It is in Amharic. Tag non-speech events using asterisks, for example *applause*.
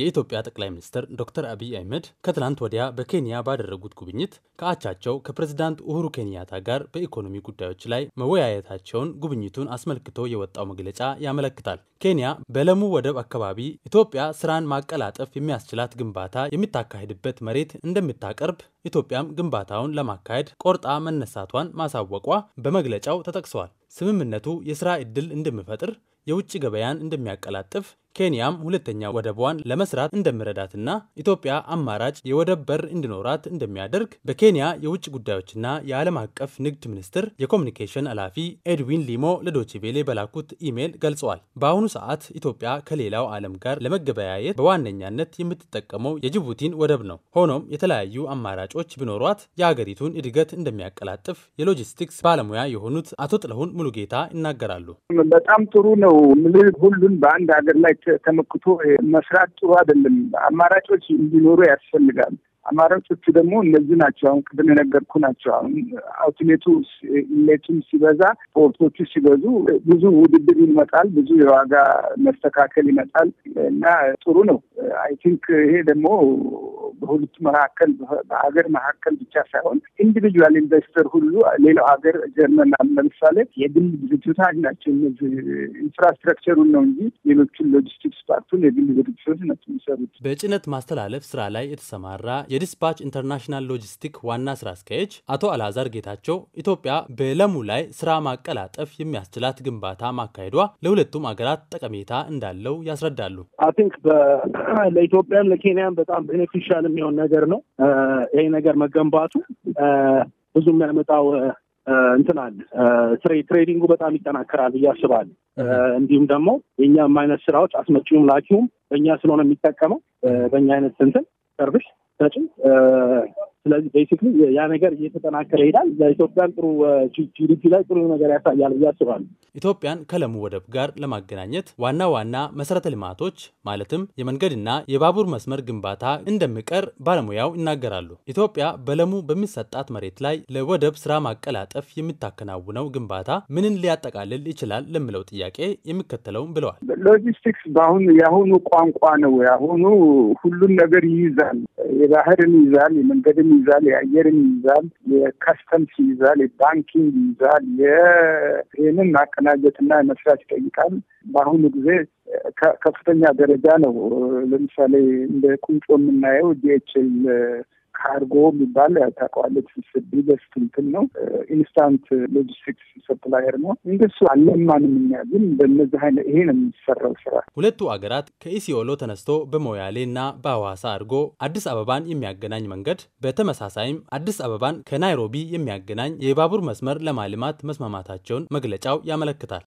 የኢትዮጵያ ጠቅላይ ሚኒስትር ዶክተር አብይ አህመድ ከትናንት ወዲያ በኬንያ ባደረጉት ጉብኝት ከአቻቸው ከፕሬዝዳንት ኡሁሩ ኬንያታ ጋር በኢኮኖሚ ጉዳዮች ላይ መወያየታቸውን ጉብኝቱን አስመልክቶ የወጣው መግለጫ ያመለክታል። ኬንያ በለሙ ወደብ አካባቢ ኢትዮጵያ ስራን ማቀላጠፍ የሚያስችላት ግንባታ የሚታካሄድበት መሬት እንደምታቀርብ ኢትዮጵያም ግንባታውን ለማካሄድ ቆርጣ መነሳቷን ማሳወቋ በመግለጫው ተጠቅሰዋል። ስምምነቱ የስራ ዕድል እንደሚፈጥር፣ የውጭ ገበያን እንደሚያቀላጥፍ፣ ኬንያም ሁለተኛ ወደቧን ለመስራት እንደሚረዳትና ኢትዮጵያ አማራጭ የወደብ በር እንዲኖራት እንደሚያደርግ በኬንያ የውጭ ጉዳዮችና የዓለም አቀፍ ንግድ ሚኒስቴር የኮሚኒኬሽን ኃላፊ ኤድዊን ሊሞ ለዶችቬሌ በላኩት ኢሜይል ገልጸዋል። በአሁኑ ሰዓት ኢትዮጵያ ከሌላው ዓለም ጋር ለመገበያየት በዋነኛነት የምትጠቀመው የጅቡቲን ወደብ ነው። ሆኖም የተለያዩ አማራጮች ቢኖሯት የሀገሪቱን እድገት እንደሚያቀላጥፍ የሎጂስቲክስ ባለሙያ የሆኑት አቶ ጥለሁን ሙሉጌታ ይናገራሉ። በጣም ጥሩ ነው። ሁሉን በአንድ ሀገር ላይ ተመክቶ መስራት ጥሩ አይደለም። አማራጮች እንዲኖሩ ያስፈልጋል። አማራጮቹ ደግሞ እነዚህ ናቸው። አሁን ቅድም የነገርኩ ናቸው። አሁን አውትሌቱ ሌቱም ሲበዛ ፖርቶቹ ሲበዙ ብዙ ውድድር ይመጣል፣ ብዙ የዋጋ መስተካከል ይመጣል እና ጥሩ ነው። አይ ቲንክ ይሄ ደግሞ በሁለቱ መካከል በሀገር መካከል ብቻ ሳይሆን ኢንዲቪጁዋል ኢንቨስተር ሁሉ ሌላው ሀገር ጀርመን ለምሳሌ የግል ድርጅቶች ናቸው። እነዚህ ኢንፍራስትራክቸሩን ነው እንጂ ሌሎቹን ሎጂስቲክስ ፓርቱን የግል ድርጅቶች ናቸው የሚሰሩት። በጭነት ማስተላለፍ ስራ ላይ የተሰማራ የዲስፓች ኢንተርናሽናል ሎጂስቲክ ዋና ስራ አስኪያጅ አቶ አልአዛር ጌታቸው ኢትዮጵያ በለሙ ላይ ስራ ማቀላጠፍ የሚያስችላት ግንባታ ማካሄዷ ለሁለቱም ሀገራት ጠቀሜታ እንዳለው ያስረዳሉ። አይ ቲንክ uh, *clears throat* ለኢትዮጵያም ለኬንያም በጣም ቤኔፊሻል የሚሆን ነገር ነው። ይሄ ነገር መገንባቱ ብዙ የሚያመጣው እንትን አለ። ትሬዲንጉ በጣም ይጠናከራል እያስባል። እንዲሁም ደግሞ የእኛም አይነት ስራዎች አስመጪውም ላኪውም በእኛ ስለሆነ የሚጠቀመው በእኛ አይነት ስንትን ሰርቪስ ሰጪ ስለዚህ ቤሲክሊ ያ ነገር እየተጠናከረ ይሄዳል። ለኢትዮጵያን ጥሩ ጂዲፒ ላይ ጥሩ ነገር ያሳያል ብዬ አስባለሁ። ኢትዮጵያን ከለሙ ወደብ ጋር ለማገናኘት ዋና ዋና መሰረተ ልማቶች ማለትም የመንገድና የባቡር መስመር ግንባታ እንደሚቀር ባለሙያው ይናገራሉ። ኢትዮጵያ በለሙ በሚሰጣት መሬት ላይ ለወደብ ስራ ማቀላጠፍ የምታከናውነው ግንባታ ምንን ሊያጠቃልል ይችላል ለምለው ጥያቄ የሚከተለውም ብለዋል። ሎጂስቲክስ በአሁኑ የአሁኑ ቋንቋ ነው። የአሁኑ ሁሉን ነገር ይይዛል። የባህርን ይዛል፣ የመንገድን ይዛል፣ የአየርን ይዛል፣ የከስተምስ ይዛል፣ የባንኪንግ ይዛል። ይህንን ማቀናጀትና መስራት ይጠይቃል። በአሁኑ ጊዜ ከፍተኛ ደረጃ ነው። ለምሳሌ እንደ ቁንጮ የምናየው ዲኤችኤል ካርጎ የሚባል ታውቀዋለች። ቢገስት እንትን ነው ኢንስታንት ሎጂስቲክስ ሰፕላየር ነው። እንደሱ አለማንም እኛ ግን በነዚህ አይነት ይሄ ነው የሚሰራው ስራ። ሁለቱ አገራት ከኢሲኦሎ ተነስቶ በሞያሌ እና በሐዋሳ አድርጎ አዲስ አበባን የሚያገናኝ መንገድ፣ በተመሳሳይም አዲስ አበባን ከናይሮቢ የሚያገናኝ የባቡር መስመር ለማልማት መስማማታቸውን መግለጫው ያመለክታል።